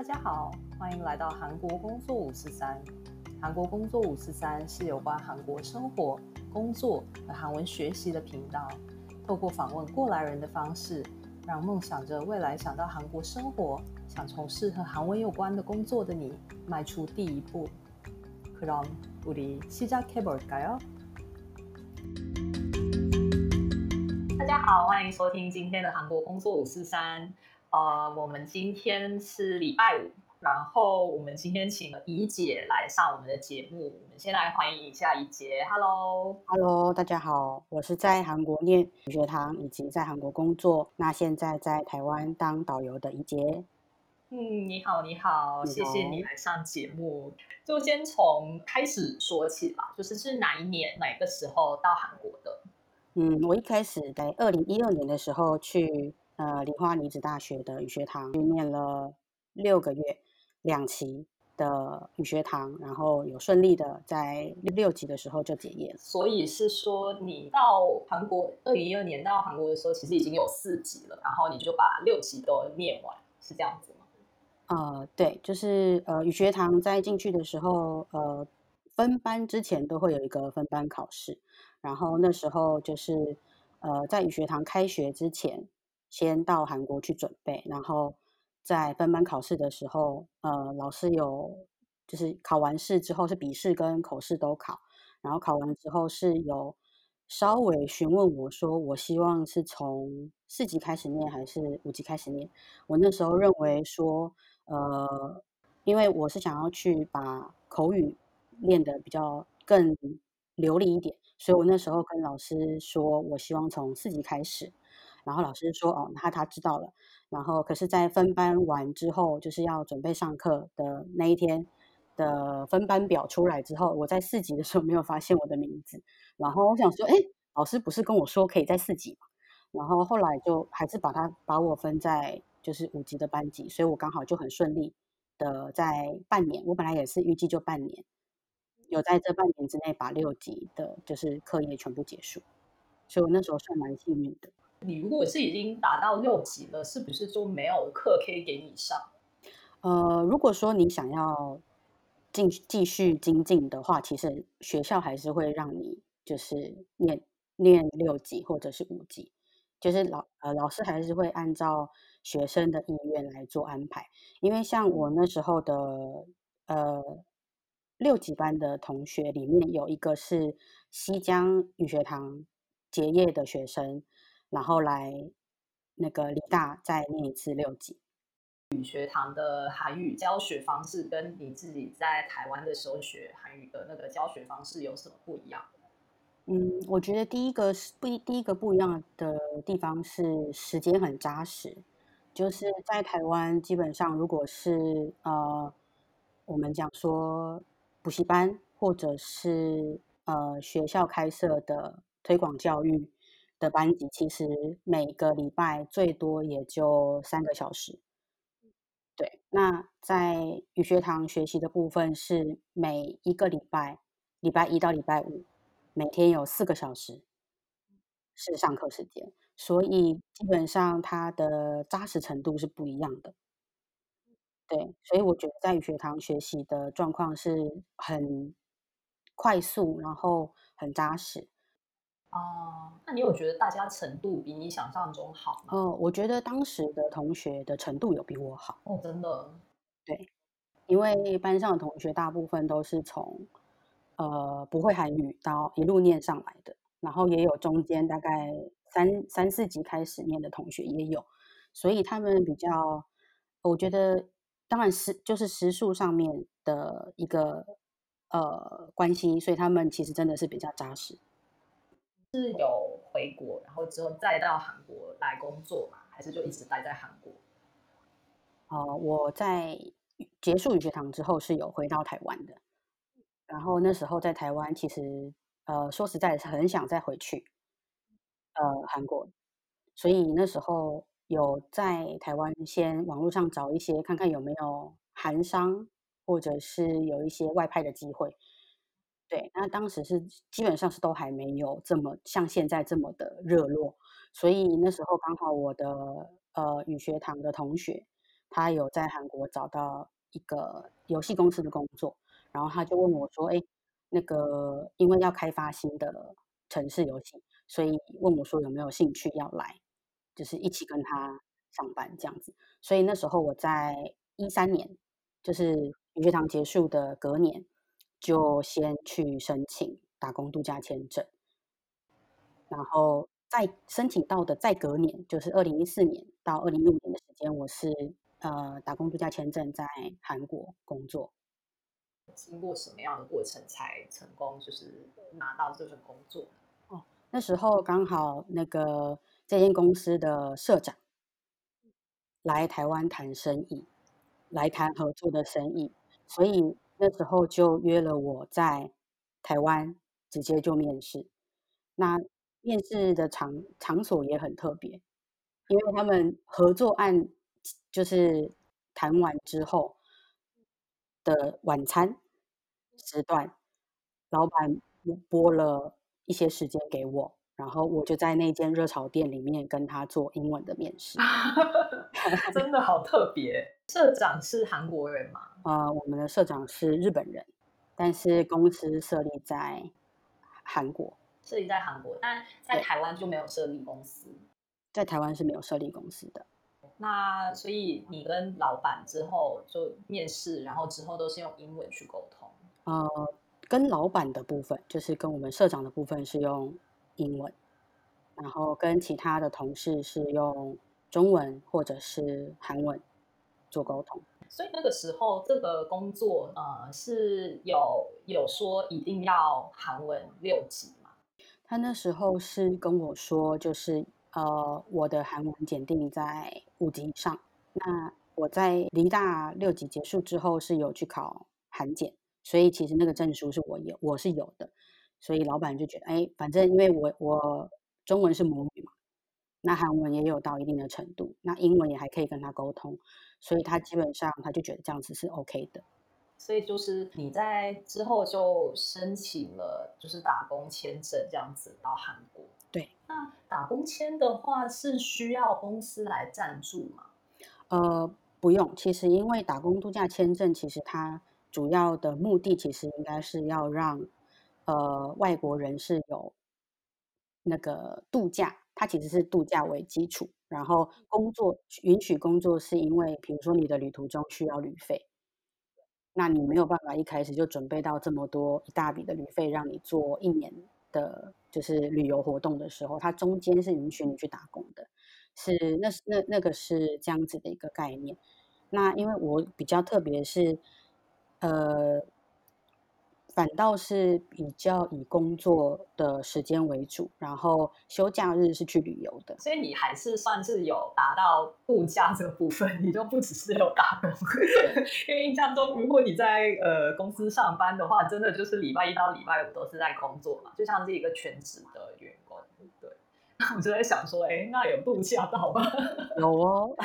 大家好，歡迎來到韓國工作五四三。韓國工作五四三是有關韓國生活、工作和韓文學習的頻道。透過訪問過來人的方式，讓夢想着未來想到韓國生活、想從事和韓文有關的工作的你邁出第一步。그럼우리시작해볼까요？大家好，歡迎收聽今天的韓國工作五四三。呃、uh,，我們今天是禮拜五，然後我們今天請怡潔來上我們的節目。我們先來歡迎一下怡潔。Hello，Hello，Hello, 大家好，我是在韓國念語學堂，以及在韓國工作，那現在在台灣當導遊的怡潔。嗯你，你好，你好，謝謝你來上節目。就先從開始說起吧，就是是哪一年、哪個時候到韓國的？嗯，我一開始在二零一二年的時候去。呃，梨花女子大學的語學堂就念了六個月，兩期的語學堂，然後有順利的在六,六級的時候就結業。所以是說，你到韓國二零一二年到韓國的時候，其實已經有四級了，然後你就把六級都念完，是這樣子嗎？呃，對，就是呃語學堂在進去的時候，呃分班之前都會有一個分班考試，然後那時候就是呃在語學堂開學之前。先到韓國去準備，然後在分班考試的時候，呃，老師有就是考完試之後是筆試跟口試都考，然後考完之後是有稍微詢問我說，我希望是從四級開始念還是五級開始念，我那時候認為說，呃，因為我是想要去把口語練得比較更流利一點，所以我那時候跟老師說我希望從四級開始。然後老師說：“哦，他他知道了。”然後可是，在分班完之後，就是要準備上課的那一天的分班表出來之後，我在四級的時候沒有發現我的名字。然後我想說：“哎，老師不是跟我說可以在四級嗎？”然後後來就還是把他把我分在就是五級的班級，所以我剛好就很順利的在半年，我本來也是預計就半年，有在這半年之內把六級的就是課業全部結束，所以我那時候算蠻幸運的。你如果是已經達到六級了，是不是就沒有課可以給你上？呃，如果說你想要進繼續精進的話，其實學校還是會讓你就是念念六級或者是五級，就是老呃老師還是會按照學生的意願來做安排。因為像我那時候的呃六級班的同學裡面有一個是西江語學堂結業的學生。然後來那個梨大再念一次六級。語學堂的韓語教學方式跟你自己在台灣的時候學韓語的那個教學方式有什麼不一樣？嗯，我覺得第一個是不一，第一個不一樣的地方是時間很扎實。就是在台灣基本上如果是呃我們講說補習班或者是呃學校開設的推廣教育，的班級其實每個禮拜最多也就三個小時，對。那在語學堂學習的部分是每一個禮拜，禮拜一到禮拜五，每天有四個小時是上課時間，所以基本上它的扎實程度是不一樣的。對，所以我覺得在語學堂學習的狀況是很快速，然後很扎實。哦、uh,，那你有覺得大家程度比你想象中好嗎？哦、呃、我覺得當時的同學的程度有比我好哦、嗯，真的。對，因為班上的同學大部分都是從呃不會韓語到一路念上來的，然後也有中間大概三三四級開始念的同學也有，所以他們比較，我覺得當然是就是時數上面的一個呃關係，所以他們其實真的是比較扎實。是有回國，然後之後再到韓國來工作嘛？還是就一直待在韓國？哦、呃，我在結束語學堂之後是有回到台灣的。然後那時候在台灣，其實呃說實在是很想再回去呃韓國，所以那時候有在台灣先網絡上找一些看看有沒有韓商，或者是有一些外派的機會。對，那當時是基本上是都還沒有這麼像現在這麼的熱絡，所以那時候剛好我的呃語學堂的同學，他有在韓國找到一個遊戲公司的工作，然後他就問我說：“哎，那個因為要開發新的城市遊戲，所以問我說有沒有興趣要來，就是一起跟他上班這樣子。”所以那時候我在一三年，就是語學堂結束的隔年，就先去申請打工度假簽證，然後再申請到的，再隔年就是二零一四年到二零一五年的時間，我是呃打工度假簽證在韓國工作。經過什麼樣的過程才成功，就是拿到這份工作？哦，那時候剛好那個這間公司的社長來台灣談生意，來談合作的生意，所以。那時候就約了我在台灣直接就面試，那面試的場場所也很特別，因為他們合作案就是談完之後的晚餐時段，老板撥了一些時間給我，然後我就在那間熱炒店裡面跟他做英文的面試。 真的好特別。社長是韓國人嗎？啊、呃，我們的社長是日本人，但是公司設立在韓國，設立在韓國，但在台灣就沒有設立公司，在台灣是沒有設立公司的。那所以你跟老闆之後就面試，然後之後都是用英文去溝通。呃，跟老闆的部分就是跟我們社長的部分是用英文，然後跟其他的同事是用。中文或者是韓文做溝通，所以那個時候這個工作呃，是有有說一定要韓文六級嗎？他那時候是跟我說，就是呃我的韓文檢定在五級以上。那我在梨大六級結束之後是有去考韓檢，所以其實那個證書是我有，我是有的，所以老闆就覺得哎、欸，反正因為我我中文是母語嘛。那韓文也有到一定的程度，那英文也還可以跟他溝通，所以他基本上他就覺得這樣子是 OK 的。所以就是你在之後就申請了，就是打工簽證這樣子到韓國。對，那打工簽的話是需要公司來贊助嗎？呃，不用。其實因為打工度假簽證，其實它主要的目的其實應該是要讓呃外國人是有那個度假。它其實是度假為基礎，然後工作允許工作是因為，比如說你的旅途中需要旅費，那你沒有辦法一開始就準備到這麼多一大筆的旅費，讓你做一年的，就是旅遊活動的時候，它中間是允許你去打工的，是那那那個是這樣子的一個概念。那因為我比較特別是，呃。反倒是比較以工作的時間為主，然後休假日是去旅遊的。所以你還是算是有達到度假這部分，你就不只是有打工。 因為印象中，如果你在呃公司上班的話，真的就是禮拜一到禮拜五都是在工作嘛，就像是一個全職的員工。對，對，那我就在想說，哎、欸，那有度假到嗎？ 有哦，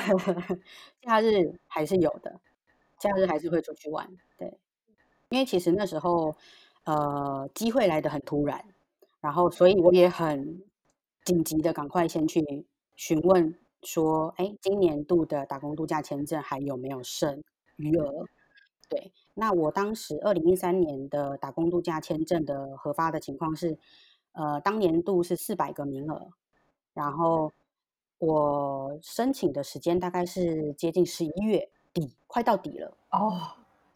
假日還是有的，假日還是會出去玩。嗯、對。因為其實那時候，呃，機會來得很突然，然後所以我也很緊急的趕快先去詢問說，哎，今年度的打工度假簽證還有沒有剩餘額？嗯。對，那我當時二零一三年的打工度假簽證的核發的情況是，呃，當年度是四百個名額，然後我申請的時間大概是接近十一月底，快到底了哦。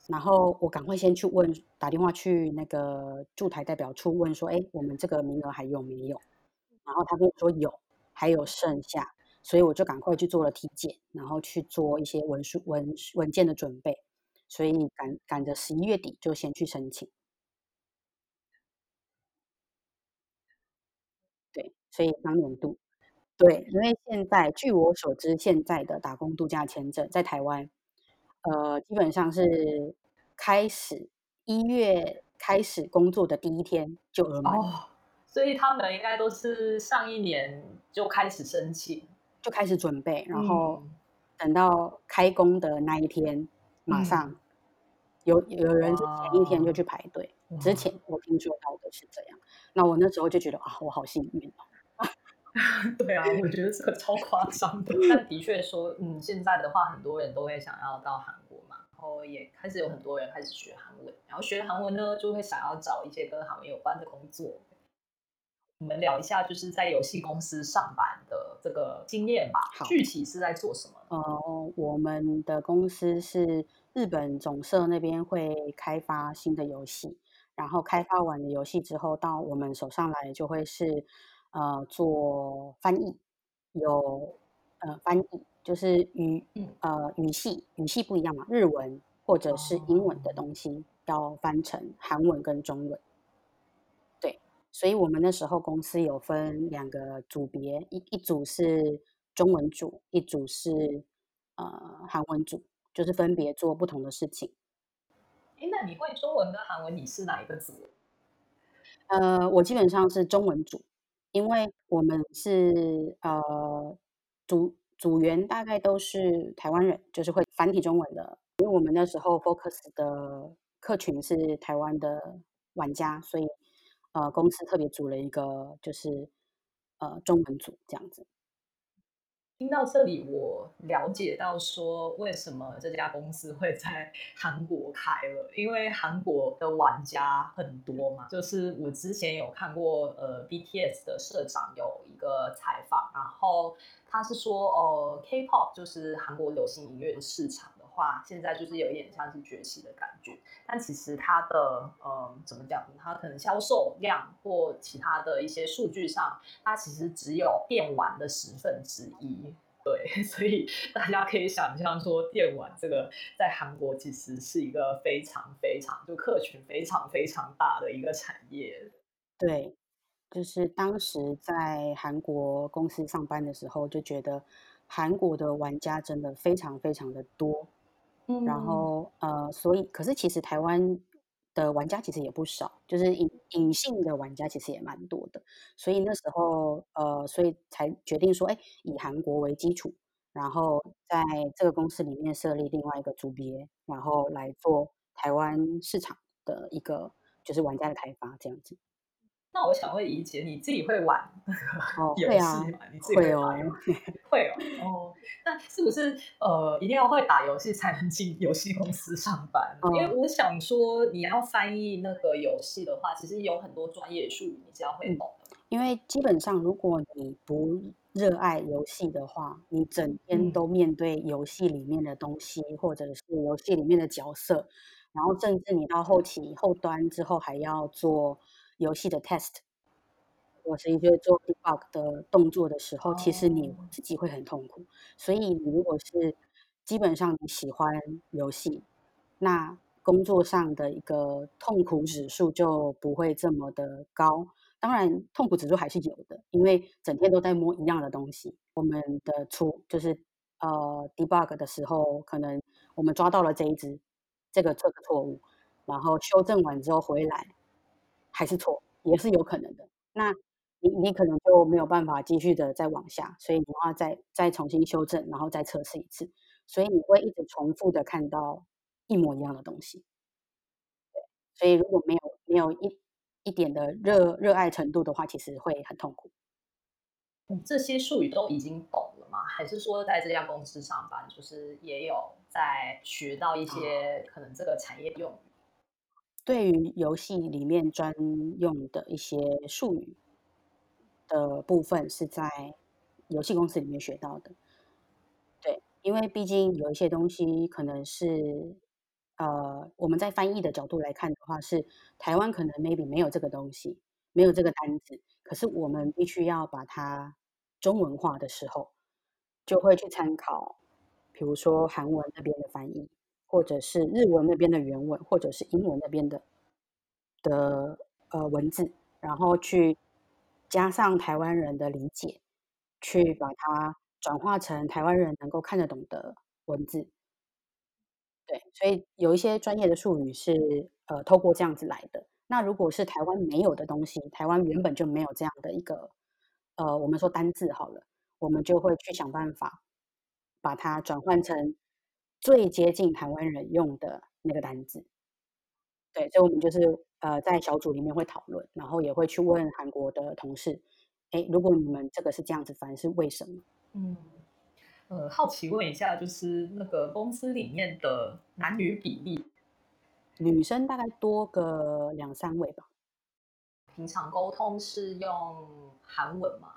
然後我趕快先去問，打電話去那個駐台代表處問說：“哎，我們這個名額還有沒有？”然後他跟我說有，還有剩下，所以我就趕快去做了體檢，然後去做一些文書文文件的準備，所以趕趕着十一月底就先去申請。對，所以當年度，對，因為現在據我所知，現在的打工度假簽證在台灣。呃，基本上是開始一月開始工作的第一天就，嗯、哦，所以他們應該都是上一年就開始申請，就開始準備，然後等到開工的那一天，嗯，馬上有有人前一天就去排隊，嗯哦，之前我聽說到的是這樣，那我那時候就覺得啊，我好幸運哦。 對啊，我覺得這個超誇張的， 但的確說，嗯，現在的話，很多人都會想要到韓國嘛，然後也開始有很多人開始學韓文，然後學韓文呢，就會想要找一些跟韓文有關的工作。 我們聊一下，就是在遊戲公司上班的這個經驗吧。好，具體是在做什麼呢？嗯、呃，我們的公司是日本總社那邊會開發新的遊戲，然後開發完的遊戲之後到我們手上來，就會是。呃，做翻譯有呃翻譯，就是語呃語系，語系不一樣嘛，日文或者是英文的東西要翻成韓文跟中文，對，所以我們那時候公司有分兩個組別，一一組是中文組，一組是呃韓文組，就是分別做不同的事情。哎，那你會中文跟韓文，你是哪一個組？呃，我基本上是中文組。因為我們是呃組組員，大概都是台灣人，就是會繁體中文的。因為我們那時候 focus 的客群是台灣的玩家，所以呃公司特別組了一個就是呃中文組這樣子。聽到這裡，我了解到說為什麼這家公司會在韓國開了，因為韓國的玩家很多嘛。就是我之前有看過，呃，BTS 的社長有一個採訪，然後他是說，哦、呃，K-pop 就是韓國流行音樂的市場。現在就是有一點像是崛起的感覺，但其實它的呃怎麼講？它可能銷售量或其他的一些數據上，它其實只有電玩的十分之一。對，所以大家可以想象說，電玩這個在韓國其實是一個非常非常就客群非常非常大的一個產業。對，就是當時在韓國公司上班的時候，就覺得韓國的玩家真的非常非常的多。嗯，然後呃，所以可是其實台灣的玩家其實也不少，就是隱隱性的玩家其實也蠻多的，所以那時候呃，所以才決定說，哎，以韓國為基礎，然後在這個公司裡面設立另外一個組別，然後來做台灣市場的一個就是玩家的開發這樣子。那我想問怡潔，你自己會玩遊戲嗎？哦啊、你自己會玩，會哦， 會哦。哦，那是不是呃，一定要會打遊戲才能進遊戲公司上班？哦、因為我想說，你要翻譯那個遊戲的話，其實有很多專業術語你只要會懂、嗯。因為基本上，如果你不熱愛遊戲的話，你整天都面對遊戲裡面的東西，嗯、或者是遊戲裡面的角色，然後甚至你到後期、嗯、後端之後還要做。遊戲的 test，我是一是做 debug 的動作的時候，其實你自己會很痛苦。Oh. 所以你如果是基本上你喜歡遊戲，那工作上的一個痛苦指數就不會這麼的高。當然痛苦指數還是有的，因為整天都在摸一樣的東西。我們的出就是呃、uh, debug 的時候，可能我們抓到了這一隻這個這個錯誤、這個這個這個，然後修正完之後回來。還是錯，也是有可能的。那你你可能就沒有辦法繼續的再往下，所以你要再再重新修正，然後再測試一次。所以你會一直重複的看到一模一樣的東西。對，所以如果沒有沒有一一點的熱熱愛程度的話，其實會很痛苦。這些術語都已經懂了嗎？還是說在這家公司上班，就是也有在學到一些可能這個產業用？對於遊戲裡面專用的一些術語的部分，是在遊戲公司裡面學到的。對，因為畢竟有一些東西可能是，呃，我們在翻譯的角度來看的話，是台灣可能 maybe 沒有這個東西，沒有這個單字，可是我們必須要把它中文化的時候，就會去參考，比如說韓文那邊的翻譯。或者是日文那邊的原文，或者是英文那邊的的呃文字，然後去加上台灣人的理解，去把它轉化成台灣人能夠看得懂的文字。對，所以有一些專業的術語是呃透過這樣子來的。那如果是台灣沒有的東西，台灣原本就沒有這樣的一個呃我們說單字好了，我們就會去想辦法把它轉換成。最接近台灣人用的那個單字，對，所以我們就是呃在小組裡面會討論，然後也會去問韓國的同事，哎、嗯，欸，如果你們這個是這樣子，反而是為什麼？嗯，呃，好奇問一下，就是那個公司裡面的男女比例，女生大概多個兩三位吧。平常溝通是用韓文嗎？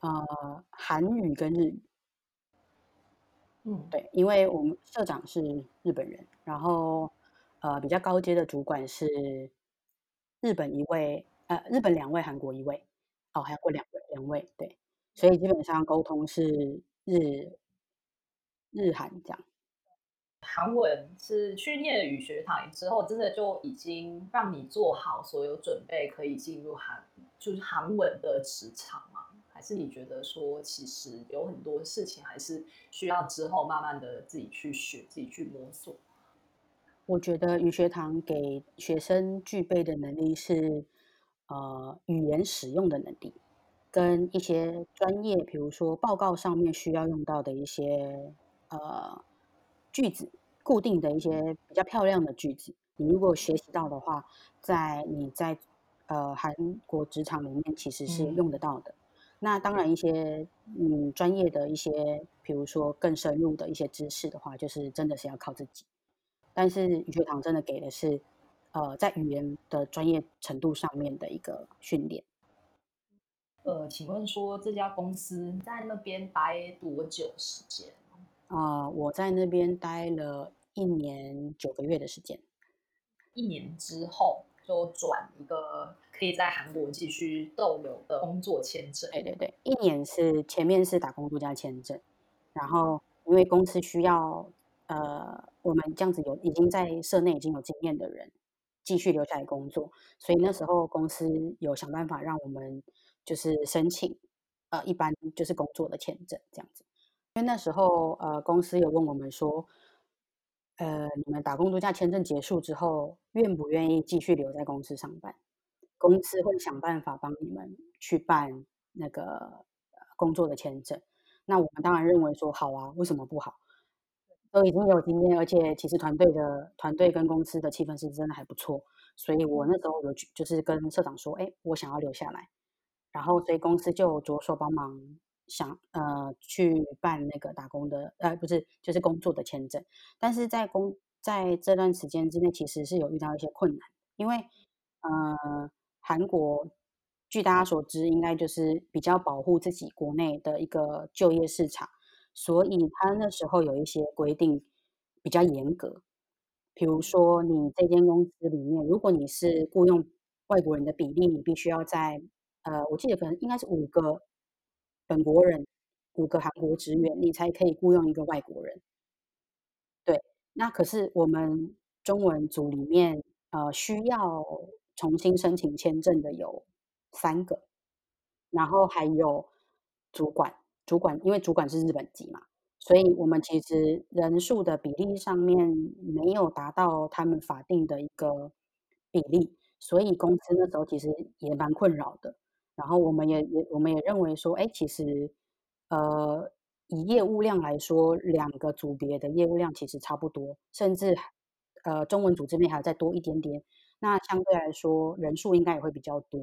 呃，韓語跟日語。嗯，對，因為我們社長是日本人，然後呃比較高階的主管是日本一位，呃日本兩位，韓國一位，哦韓國兩位兩位，對，所以基本上溝通是日日韓這樣。韓文是去念語學堂之後，真的就已經讓你做好所有準備，可以進入韓就是韓文的職場嘛還是你覺得說，其實有很多事情還是需要之後慢慢的自己去學，自己去摸索。我覺得語學堂給學生具備的能力是，呃，語言使用的能力，跟一些專業，比如說報告上面需要用到的一些呃句子，固定的一些比較漂亮的句子。你如果學習到的話，在你在呃韓國職場裡面其實是用得到的。嗯。那當然，一些嗯專業的一些，比如說更深入的一些知識的話，就是真的是要靠自己。但是語學堂真的給的是，呃，在語言的專業程度上面的一個訓練。呃，請問說這家公司在那邊待多久時間？啊、呃，我在那邊待了一年九個月的時間。一年之後，都轉一個可以在韓國繼續逗留的工作簽證。哎，對對對，一年是前面是打工度假簽證，然後因為公司需要呃我們這樣子有已經在社內已經有經驗的人繼續留下來工作，所以那時候公司有想辦法讓我們就是申請呃一般就是工作的簽證這樣子，因為那時候呃公司有問我們說。呃，你們打工度假簽證結束之後，願不願意繼續留在公司上班？公司會想辦法幫你們去辦那個工作的簽證。那我們當然認為說好啊，為什麼不好？都已經有經驗，而且其實團隊的團隊跟公司的氣氛是真的還不錯。所以我那時候有去，就是跟社長說，哎，我想要留下來。然後，所以公司就着手幫忙。想呃去辦那個打工的，呃不是，就是工作的簽證。但是在工在這段時間之內，其實是有遇到一些困難，因為呃韓國據大家所知，應該就是比較保護自己國內的一個就業市場，所以他那時候有一些規定比較嚴格，比如說你這間公司裡面，如果你是僱傭外國人的比例，你必須要在呃我記得可能應該是五個。本國人五個韓國職員，你才可以僱傭一個外國人。對，那可是我們中文組裡面呃需要重新申請簽證的有三個，然後還有主管，主管因為主管是日本籍嘛，所以我們其實人數的比例上面沒有達到他們法定的一個比例，所以公司那時候其實也蠻困擾的。然後我們也也我們也認為說，哎，其實，呃，以業務量來說，兩個組別的業務量其實差不多，甚至，呃，中文組這邊還要再多一點點。那相對來說人數應該也會比較多，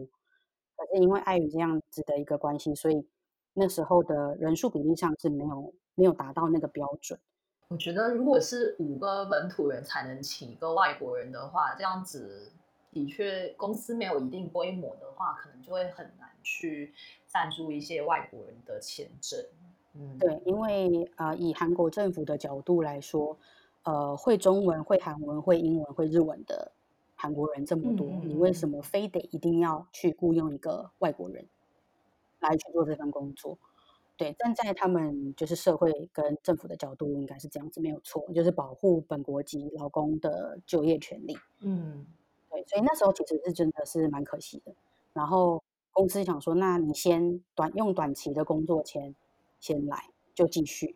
可是因為礙於這樣子的一個關係，所以那時候的人數比例上是沒有沒有達到那個標準。我覺得如果是五個本土人才能請一個外國人的話，這樣子。的確，公司沒有一定規模的話，可能就會很難去贊助一些外國人的簽證。嗯、對，因為啊、呃，以韓國政府的角度來說，呃，會中文、會韓文、會英文、會日文的韓國人這麼多，嗯、你為什麼非得一定要去雇傭一個外國人來去做這份工作？對，站在他們就是社會跟政府的角度，應該是這樣子，沒有錯，就是保護本國籍勞工的就業權利。嗯。對，所以那時候其實是真的是蠻可惜的。然後公司想說，那你先短，用短期的工作簽先來，就繼續。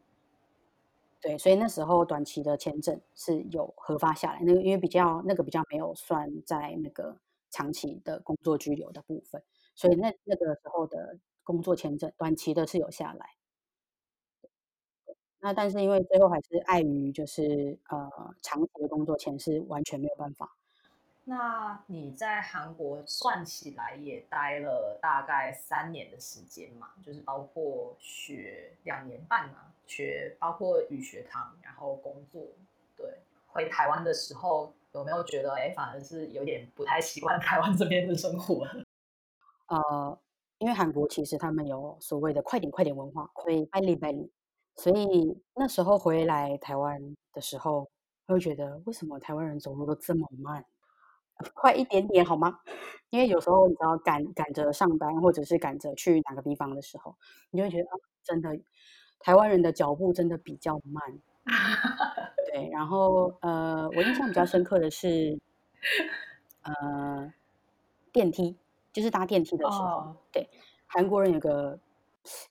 對，所以那時候短期的簽證是有核發下來，那個因為比較那個比較沒有算在那個長期的工作居留的部分，所以那那個時候的工作簽證短期的是有下來。那但是因為最後還是礙於就是呃，長期的工作簽是完全沒有辦法。那你在韓國算起來也待了大概三年的時間嘛，就是包括學兩年半嘛、啊，學包括語學堂，然後工作。對，回台灣的時候有沒有覺得，哎，反而是有點不太習慣台灣這邊的生活？呃，因為韓國其實他們有所謂的“快點，快點”文化，所以“百里百里”。所以那時候回來台灣的時候，會覺得為什麼台灣人走路都這麼慢？快一點點好嗎？因為有時候你知道趕趕着上班，或者是趕着去哪個地方的時候，你就會覺得，啊，真的台灣人的腳步真的比較慢。對，然後呃，我印象比較深刻的是，呃，電梯就是搭電梯的時候，哦，對，韓國人有個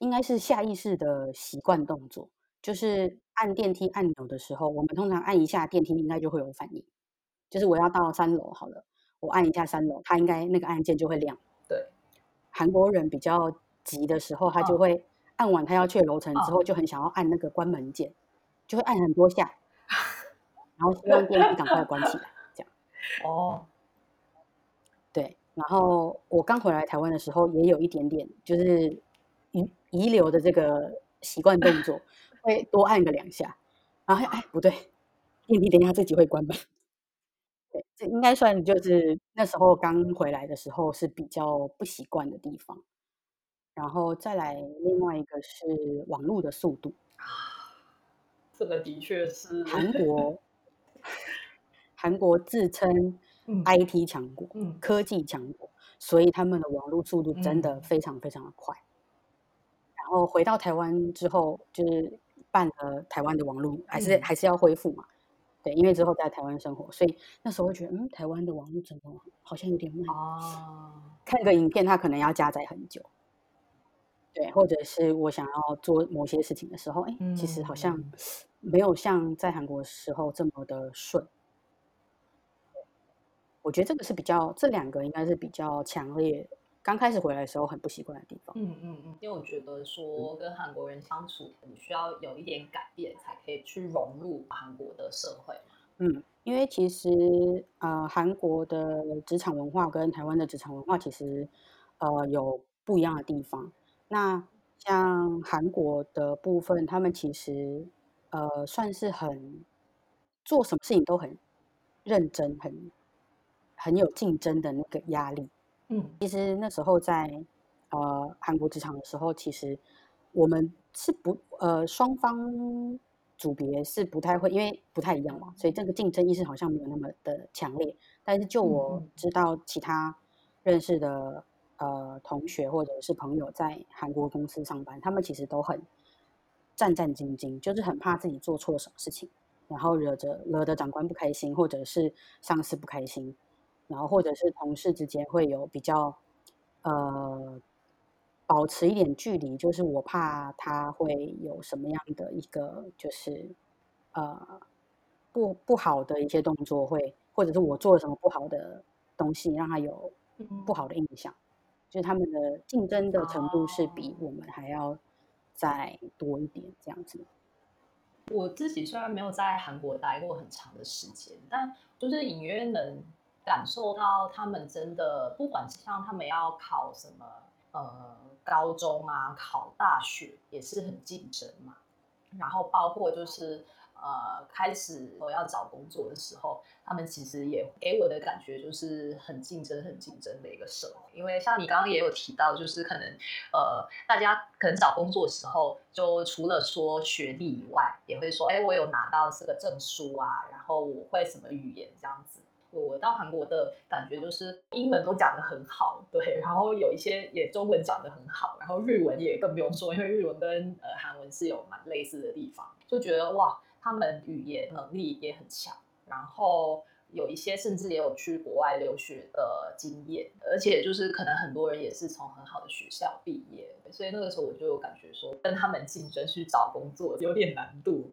應該是下意識的習慣動作，就是按電梯按鈕的時候，我們通常按一下電梯應該就會有反應。就是我要到三樓，好了，我按一下三樓，它應該那個按鍵就會亮。對，韓國人比較急的時候，他就會、哦、按完他要去的樓層之後，就很想要按那個關門鍵、哦，就會按很多下， 然後希望電梯趕快關起來。 這樣哦，對。然後我剛回來台灣的時候，也有一點點就是遺遺留的這個習慣動作， 會多按個兩下，然後哎不對，電梯等一下自己會關吧。對，這應該算就是那時候剛回來的時候是比較不習慣的地方，嗯、然後再來另外一個是網絡的速度，這個的確是韓國，韓國自稱 IT 強國、嗯，科技強國，所以他們的網絡速度真的非常非常的快。嗯、然後回到台灣之後，就是辦了台灣的網絡，還是還是要恢復嘛。對，因為之後在台灣生活，所以那時候會覺得，嗯，台灣的網絡怎麼好像有點慢啊？看個影片，它可能要加載很久。對，或者是我想要做某些事情的時候，哎，其實好像沒有像在韓國的時候這麼的順。嗯嗯嗯。我覺得這個是比較，這兩個應該是比較強烈的。剛開始回來的時候，很不習慣的地方。嗯嗯嗯，因為我覺得說跟韓國人相處，你需要有一點改變，才可以去融入韓國的社會。嗯，因為其實呃，韓國的職場文化跟台灣的職場文化其實呃有不一樣的地方。那像韓國的部分，他們其實呃算是很，做什麼事情都很認真，很很有競爭的那個壓力。其實那時候在，呃，韓國職場的時候，其實我們是不呃雙方組別是不太會，因為不太一樣嘛，所以這個競爭意識好像沒有那麼的強烈。但是就我知道其他認識的呃同學或者是朋友在韓國公司上班，他們其實都很戰戰兢兢，就是很怕自己做錯什麼事情，然後惹着惹得長官不開心，或者是上司不開心。然後，或者是同事之間會有比較，呃，保持一點距離，就是我怕他會有什麼樣的一個，就是呃，不不好的一些動作會，或者是我做了什麼不好的東西，讓他有不好的印象。嗯。就是他們的競爭的程度是比我們還要再多一點，啊，這樣子。我自己雖然沒有在韓國待過很長的時間，但就是隱約能。感受到他們真的不管是像他們要考什麼，呃，高中啊，考大學也是很競爭嘛。然後包括就是呃，開始我要找工作的時候，他們其實也給我的感覺就是很競爭、很競爭的一個社會。因為像你剛剛也有提到，就是可能呃，大家可能找工作的時候，就除了說學歷以外，也會說，哎，我有拿到這個證書啊，然後我會什麼語言這樣子。我到韓國的感覺就是英文都講得很好，對，然後有一些也中文講得很好，然後日文也更不用說，因為日文跟呃韓文是有蠻類似的地方，就覺得哇，他們語言能力也很強，然後有一些甚至也有去國外留學的經驗，而且就是可能很多人也是從很好的學校畢業，所以那個時候我就有感覺說跟他們競爭去找工作有點難度。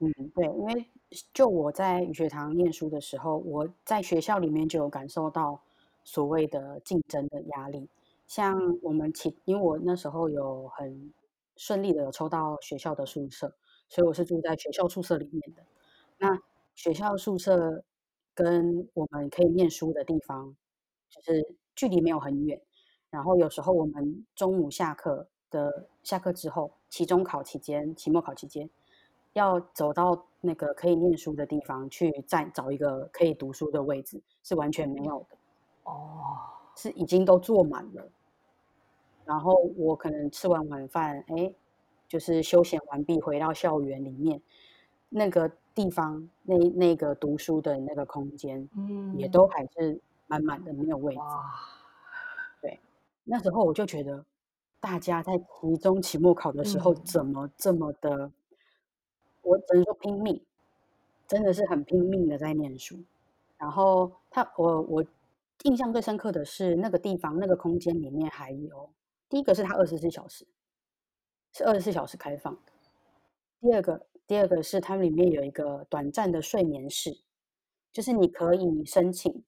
嗯，對，因為就我在語學堂念書的時候，我在學校裡面就有感受到所謂的競爭的壓力。像我們其，因為我那時候有很順利的有抽到學校的宿舍，所以我是住在學校宿舍裡面的。那學校宿舍跟我們可以念書的地方，就是距離沒有很遠。然後有時候我們中午下課的下課之後，期中考期間、期末考期間。要走到那個可以念書的地方去，再找一個可以讀書的位置是完全沒有的哦，oh. 是已經都坐滿了。然後我可能吃完晚飯，哎，就是休閒完畢回到校園裡面那個地方，那那個讀書的那個空間，嗯，也都還是滿滿的沒有位置。Mm. 對，那時候我就覺得大家在期中、期末考的時候怎麼這麼的？我只能說拼命，真的是很拼命的在念書。然後他，我我印象最深刻的是那個地方，那個空間裡面還有第一個是它二十四小時，是二十四小時開放的。第二個，第二個是它裡面有一個短暫的睡眠室，就是你可以申請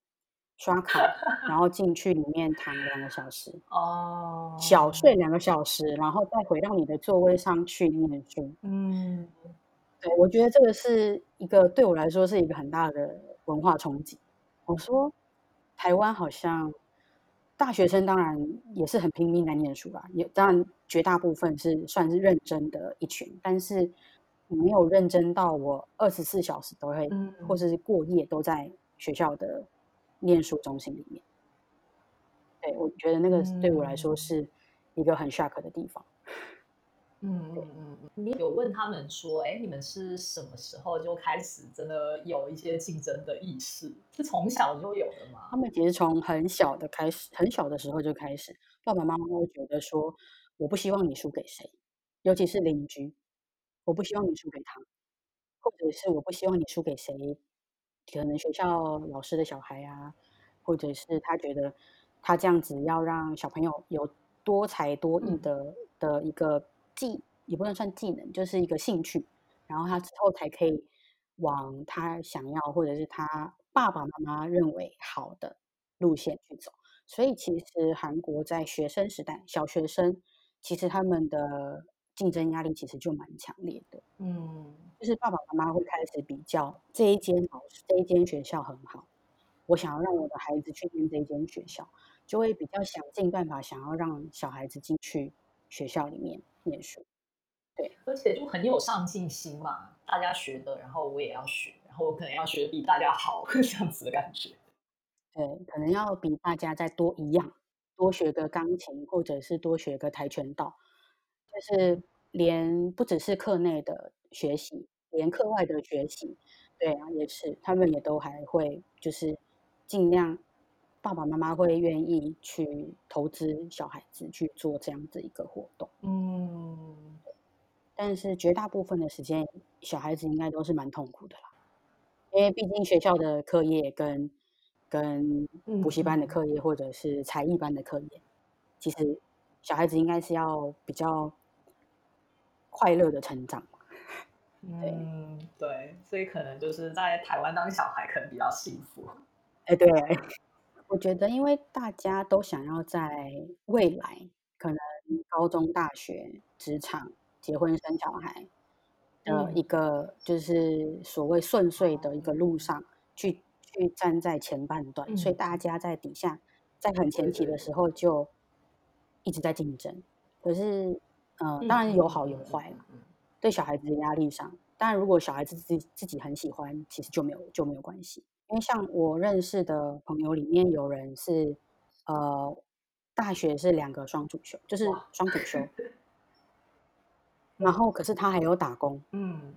刷卡， 然後進去裡面躺兩個小時哦，小睡兩個小時，然後再回到你的座位上去念書。嗯。對，我覺得這個是一個對我來說是一個很大的文化衝擊。我說，台灣好像大學生當然也是很拼命在念書啦，也當然絕大部分是算是認真的一群，但是沒有認真到我二十四小時都會、嗯、或者是過夜都在學校的念書中心裡面。對，我覺得那個對我來說是一個很 shock 的地方。嗯嗯嗯，你有問他們說，哎，你們是什麼時候就開始真的有一些競爭的意識？是從小就有的嗎？他們其實從很小的開始，很小的時候就開始，爸爸媽媽會覺得說，我不希望你輸給誰，尤其是鄰居，我不希望你輸給他，或者是我不希望你輸給誰，可能學校老師的小孩啊，或者是他覺得他這樣子要讓小朋友有多才多藝的的一個、嗯。技也不能算技能，就是一個興趣，然後他之後才可以往他想要或者是他爸爸媽媽認為好的路線去走。所以其實韓國在學生時代，小學生其實他們的競爭壓力其實就蠻強烈的。嗯，就是爸爸媽媽會開始比較這一間老師，這一間學校很好，我想要讓我的孩子去念這一間學校，就會比較想盡辦法，想要讓小孩子進去學校裡面。念書，對，而且就很有上進心嘛。大家學的，然後我也要學，然後我可能要學比大家好這樣子的感覺。對，可能要比大家再多一樣，多學個鋼琴，或者是多學個跆拳道。就是連不只是課內的學習，連課外的學習，對啊，也是他們也都還會就是儘量。爸爸媽媽會願意去投資小孩子去做這樣子一個活動，嗯，但是絕大部分的時間，小孩子應該都是蠻痛苦的啦，因為畢竟學校的課業跟跟補習班的課業、嗯、或者是才藝班的課業，其實小孩子應該是要比較快樂的成長，嗯、 欸，對，所以可能就是在台灣當小孩可能比較幸福，哎、欸，對。我覺得，因為大家都想要在未來可能高中、大學、職場、結婚、生小孩的，嗯呃、一個就是所謂順遂的一個路上、嗯、去去站在前半段、嗯，所以大家在底下在很前期的時候就一直在競爭。嗯、可是，呃，當然有好有壞嘛、嗯。對小孩子的壓力上，當然如果小孩子自己自己很喜歡，其實就沒有就沒有關係。因為像我認識的朋友裡面有人是，呃，大學是兩個雙主修，就是雙主修，然後可是他還有打工，嗯，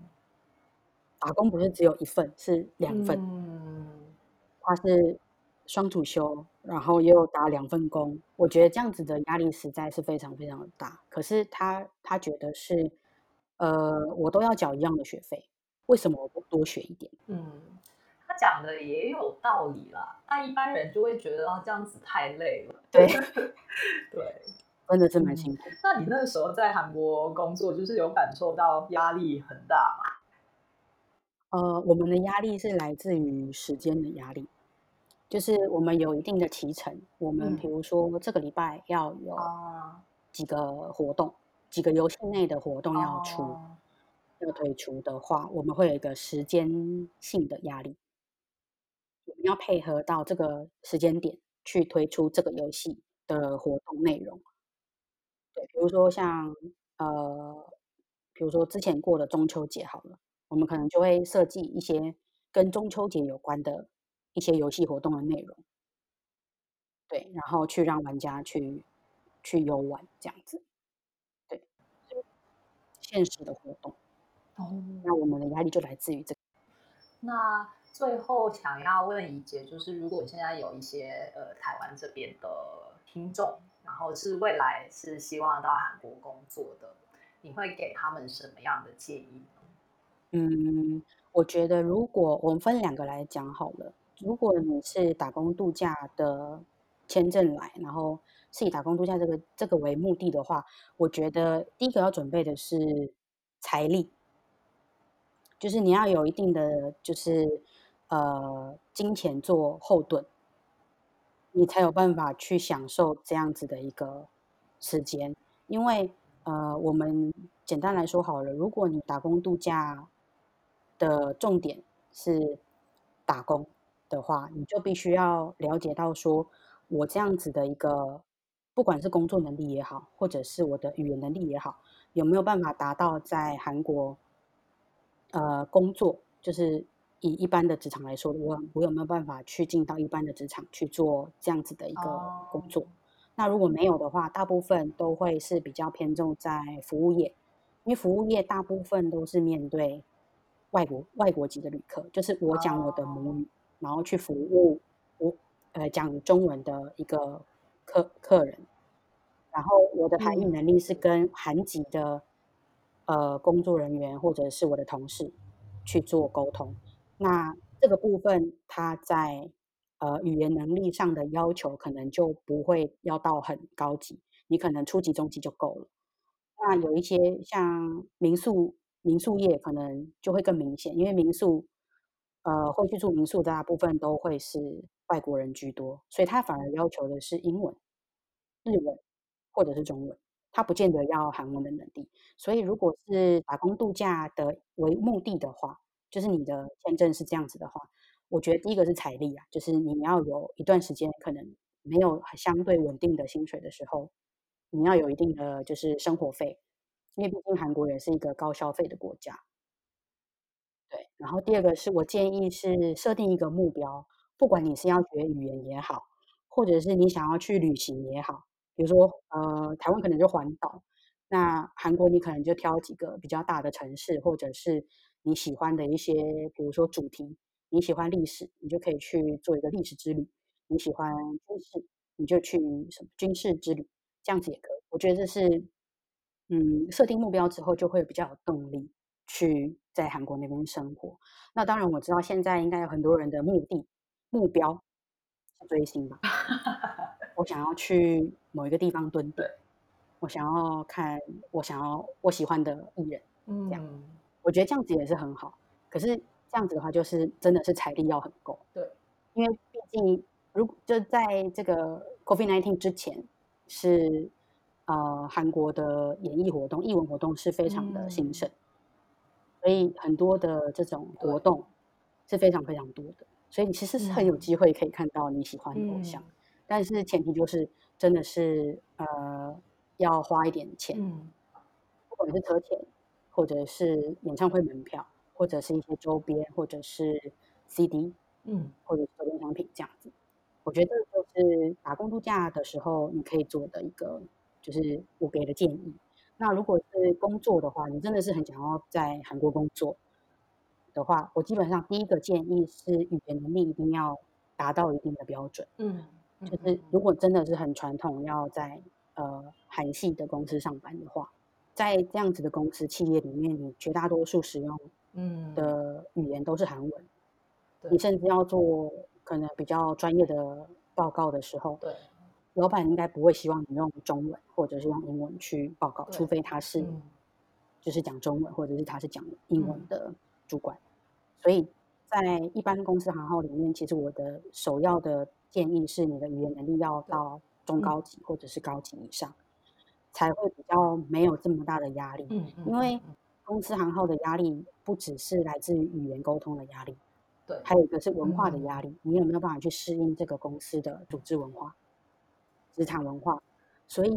打工不是只有一份，是兩份，嗯，他是雙主修，然後又打兩份工，我覺得這樣子的壓力實在是非常非常大，可是他他覺得是，呃，我都要繳一樣的學費，為什麼我不多學一點？嗯。講的也有道理啦，那一般人就會覺得哦，這樣子太累了。對， 對，真的真蠻辛苦。那你那時候在韓國工作，就是有感受到壓力很大嗎？呃，我們的壓力是來自於時間的壓力，就是我們有一定的提成，我們比如說這個禮拜要有幾個活動，幾個遊戲內的活動要出、嗯、要推出的話，我們會有一個時間性的壓力。你要配合到這個時間點去推出這個遊戲的活動內容，對，比如說像呃，比如說之前過的中秋節好了，我們可能就會設計一些跟中秋節有關的一些遊戲活動的內容，對，然後去讓玩家去去遊玩這樣子，對，現實的活動，哦，那我們的壓力就來自於這個，那。最後想要問怡潔，就是如果現在有一些呃台灣這邊的聽眾，然後是未來是希望到韓國工作的，你會給他們什麼樣的建議？嗯，我覺得如果我們分兩個來講好了。如果你是打工度假的簽證來，然後是以打工度假這個這個為目的的話，我覺得第一個要準備的是財力，就是你要有一定的就是。呃，金錢做後盾，你才有辦法去享受這樣子的一個時間。因為呃，我們簡單來說好了，如果你打工度假的重點是打工的話，你就必須要了解到說，我這樣子的一個，不管是工作能力也好，或者是我的語言能力也好，有沒有辦法達到在韓國呃工作，就是。以一般的職場來說的話，我有沒有辦法去進到一般的職場去做這樣子的一個工作？Oh. 那如果沒有的話，大部分都會是比較偏重在服務業，因為服務業大部分都是面對外國外國籍的旅客，就是我講我的母語，Oh. 然後去服務我呃講中文的一個客客人，然後我的翻譯能力是跟韓籍的、mm -hmm. 呃工作人員或者是我的同事去做溝通。那這個部分，它在呃語言能力上的要求可能就不會要到很高級，你可能初級中級就夠了。那有一些像民宿民宿業可能就會更明顯，因為民宿呃會去住民宿，大部分都會是外國人居多，所以他反而要求的是英文、日文或者是中文，他不見得要韓文的能力。所以如果是打工度假的為目的的話。就是你的簽證是這樣子的話，我覺得第一個是財力啊，就是你要有一段時間可能沒有相對穩定的薪水的時候，你要有一定的就是生活費，因為畢竟韓國也是一個高消費的國家。對，然後第二個是我建議是設定一個目標，不管你是要學語言也好，或者是你想要去旅行也好，比如說呃台灣可能就環島，那韓國你可能就挑幾個比較大的城市或者是。你喜歡的一些，比如說主題，你喜歡歷史，你就可以去做一個歷史之旅；你喜歡軍事，你就去什麼軍事之旅，這樣子也可以。我覺得這是，嗯，設定目標之後就會比較有動力去在韓國那邊生活。那當然，我知道現在應該有很多人的目的目標想追星吧？ 我想要去某一個地方蹲蹲，對，我想要看我想要我喜歡的藝人，這樣。嗯。我覺得這樣子也是很好，可是這樣子的話，就是真的是財力要很夠。對，因為畢竟，如果就在這個 COVID-19 之前，是呃韓國的演藝活動、嗯、藝文活動是非常的興盛，嗯，所以很多的這種活動是非常非常多的，所以你其實是很有機會可以看到你喜歡的偶像，嗯，但是前提就是真的是呃要花一點錢，嗯、不管是車錢。或者是演唱會門票，或者是一些周邊，或者是 CD，嗯，或者是周邊商品這樣子。我覺得就是打工度假的時候你可以做的一個，就是我給的建議。那如果是工作的話，你真的是很想要在韓國工作的話，我基本上第一個建議是語言能力一定要達到一定的標準。嗯，就是如果真的是很傳統，要在呃韓系的公司上班的話。在這樣子的公司企業裡面，你絕大多數使用嗯的語言都是韓文，嗯。你甚至要做可能比較專業的報告的時候，對，老闆應該不會希望你用中文或者是用英文去報告，除非他是就是講中文或者是他是講英文的主管，嗯。所以在一般公司行號裡面，其實我的首要的建議是，你的語言能力要到中高級或者是高級以上。嗯才會比較沒有這麼大的壓力，因為公司行號的壓力不只是來自於語言溝通的壓力，對，還有一個是文化的壓力，你有沒有辦法去適應這個公司的組織文化、職場文化？所以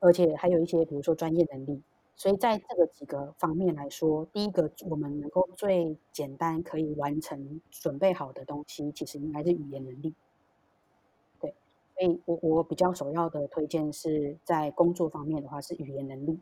而且還有一些，比如說專業能力，所以在這個幾個方面來說，第一個我們能夠最簡單可以完成準備好的東西，其實應該是語言能力。所以我我比較首要的推薦是在工作方面的話是語言能力，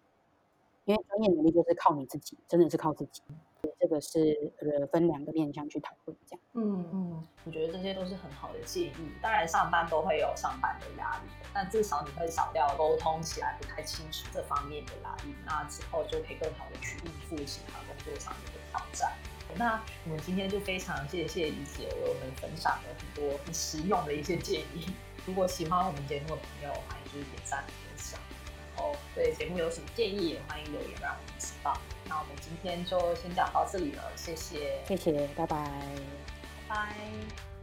因為專業能力就是靠你自己，真的是靠自己。所以這個是呃分兩個面向去討論這樣。嗯嗯，我覺得這些都是很好的建議。當然上班都會有上班的壓力，但至少你會少掉溝通起來不太清楚這方面的壓力，那之後就可以更好的去應付其他工作上面的挑戰。那我們今天就非常謝謝怡姐為我們分享了很多很實用的一些建議。如果喜歡我們節目的朋友，歡迎點讚分享。然後對節目有什麼建議，也歡迎留言讓我們知道。那我們今天就先講到這裡了，謝謝，謝謝，拜拜，拜拜。